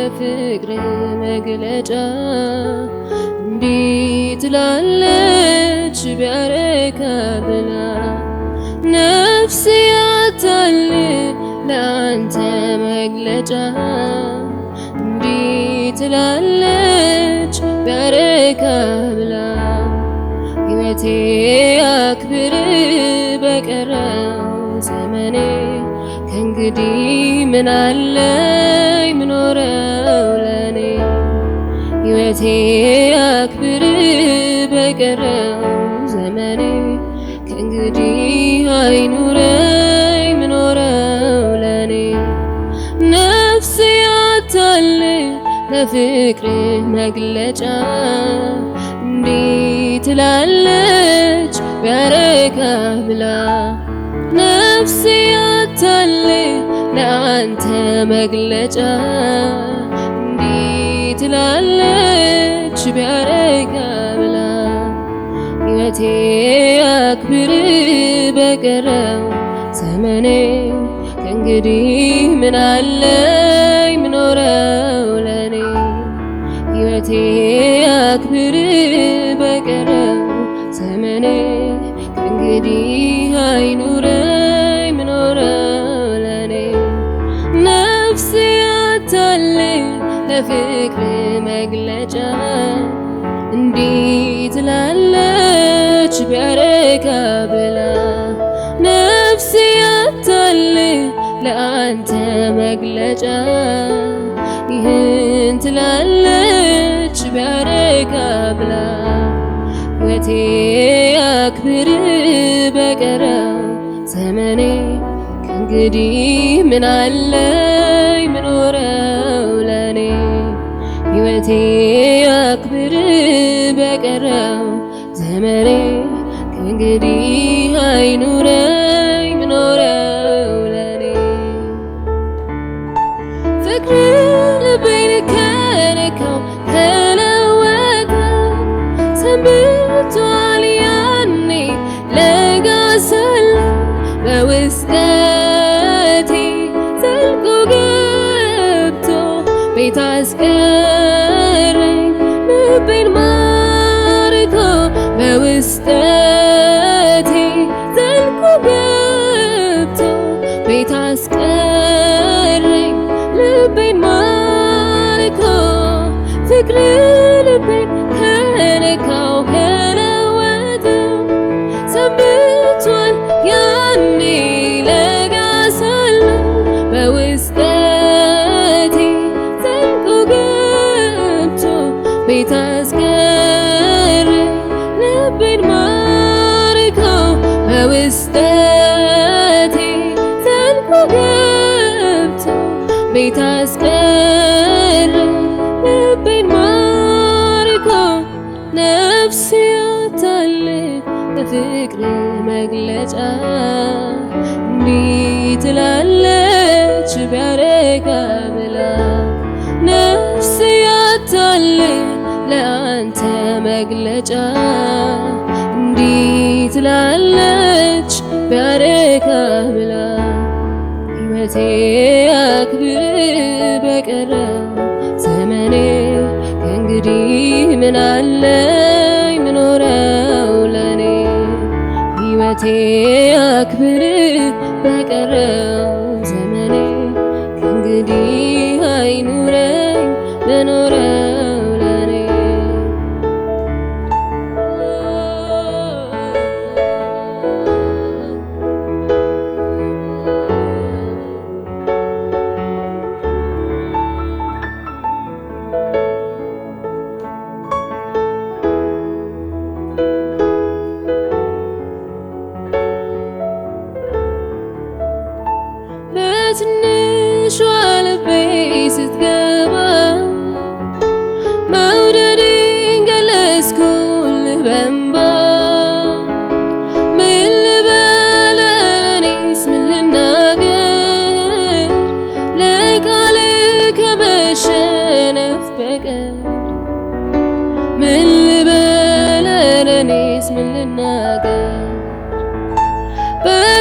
ለፍቅር መግለጫ እንዲት ላለች ቢያረካ ብላ ነፍሴ ያታል ለአንተ መግለጫ እንዲት ላለች ቢያረካ ብላ ህይወቴ አክብር በቀረ እንግዲህ ምናለኝ ምኖረው ለኔ ሕይወቴ አክብር በቀረው ዘመኔ ከእንግዲህ አይኑረኝ ምኖረው ለኔ ነፍሴ ያታል ለፍቅር መግለጫ እንዴት ትላለች በረካ ብላ ነፍሴ አለ ለአንተ መግለጫ እንዲት ትላለች ቢያረጋ ብላ ሕይወቴ አክብር በቀረው ዘመኔ ከእንግዲህ ምን አለኝ ምኖረው ለኔ ሕይወቴ አክብር በቀረው ዘመኔ ከእንግዲህ አይኑረ ለፍቅር መግለጫ እንዲት ላለች ቢያረካ ብላ ነፍሴ ያታል ለአንተ መግለጫ ይህን ትላለች ቢያረካ ብላ ወቴ አክብር በቀረው ዘመኔ ከእንግዲህ ምን አለ አክብር በቀረው ዘመኔ ከእንግዲህ አይኑረ sister በውስጠቴ ዘልቆ ገብቶ ቤት አስቀረ ልቤን ማርኮ ነፍስ ያታል በፍቅር መግለጫ እንዲህ ትላለች ቢያረጋ ብላ ነፍስ ያታል ለአንተ መግለጫ እንዲህ ትላለች ተቀብላ ሕይወቴ አክብር በቀረ ዘመኔ ከእንግዲህ ምን አለኝ ምኖረው ለኔ ሕይወቴ አክብር በቀረው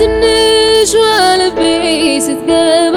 በትንሿ ልቤ ስትገባ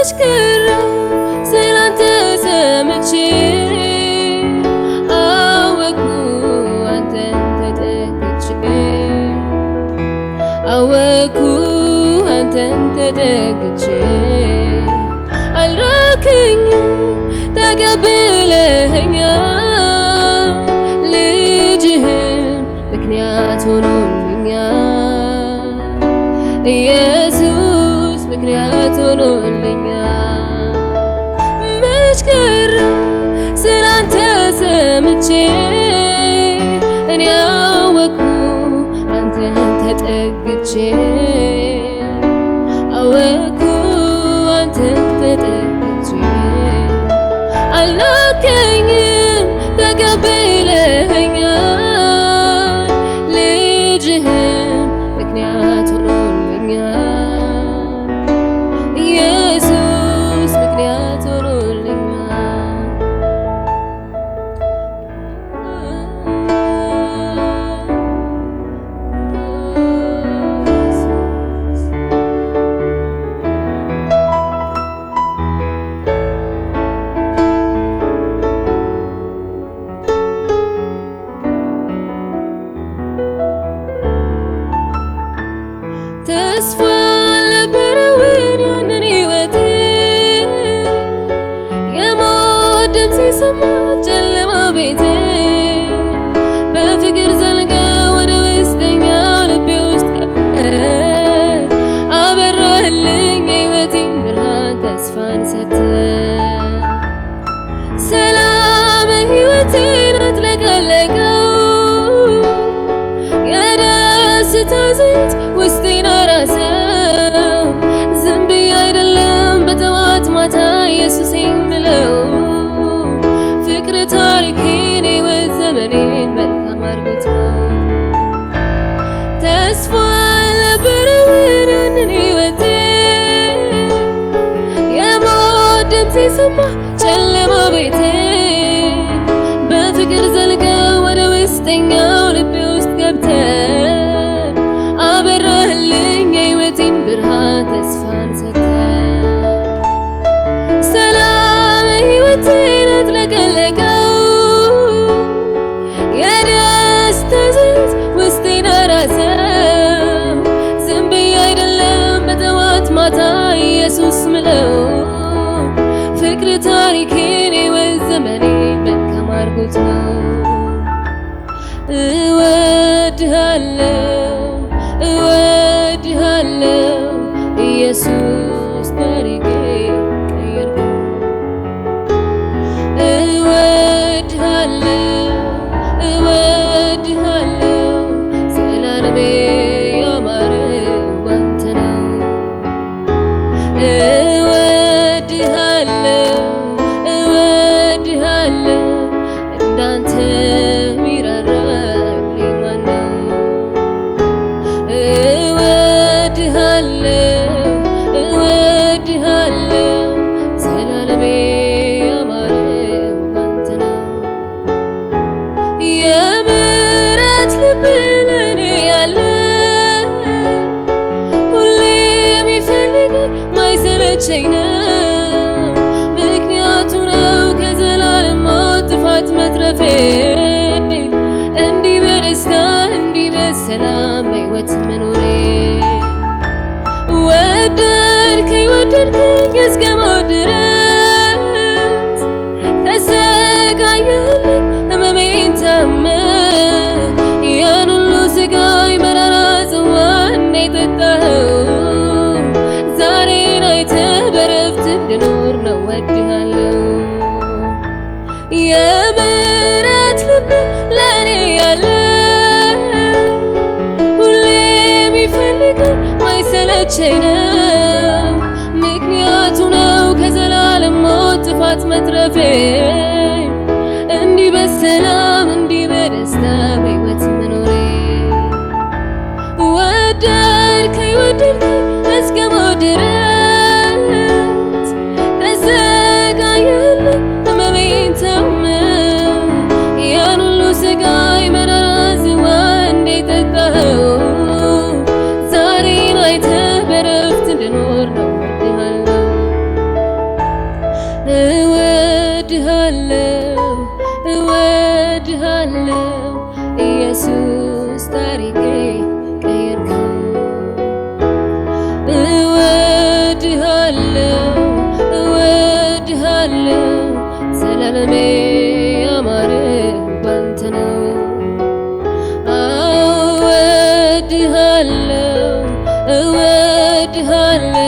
ትተሽ ቀረሽ አወኩ አወኩ አንተን ተጠቅቼ አልራከኝ ምክንያት ሆኖልኛል ኢየሱስ ምክንያት ሆኖልኛል ሰርቼ እኔ አወኩ አንተን ተጠግቼ አወኩ አንተን ተጠግቼ አላከኝም ተቀበ ድምፅ ጨለማ ቤቴ በፍቅር ዘልጋ ወደ ውስጠኛው ልቤ ውስጥ አበራልኝ የሕይወቴ ብርሃን ተስፋን ሰተ ሰላም ሕይወቴን አጥለቀለቀው የደስታ ዘይት ውስጤን ዝም ብዬ አይደለም በጠዋት ማታ ኢየሱሴን ብለው ተሰማ ጨለማ ቤቴ በፍቅር ዘልቀ ወደ ውስጠኛው ልቤ ውስጥ ገብተ አበራህልኝ የህይወቴን ብርሃን ተስፋን ሰተ ሰላም ህይወቴን አጥለቀለቀው የደስታ ዘይት ውስጤን አራሰው ዝም ብዬ አይደለም በጠዋት ማታ ኢየሱስ ምለው ፍቅር ታሪኬን የወት ዘመኔ መልካም አድርጎታል። እወድሃለሁ እወድሃለሁ ኢየሱስ ያለ ሁሌም ይፈልጋል ማይሰለቸኝ ነው። ምክንያቱ ነው ከዘላለም ሞት ጥፋት መትረፌ እንዲህ እወድሃለው እወድሃለው ኢየሱስ ታሪኬ ቀየርከ እወድሃለው እወድሃለው ዘላለሜ ያማረ ባንተ ነው እወድሃለው እወድሃለው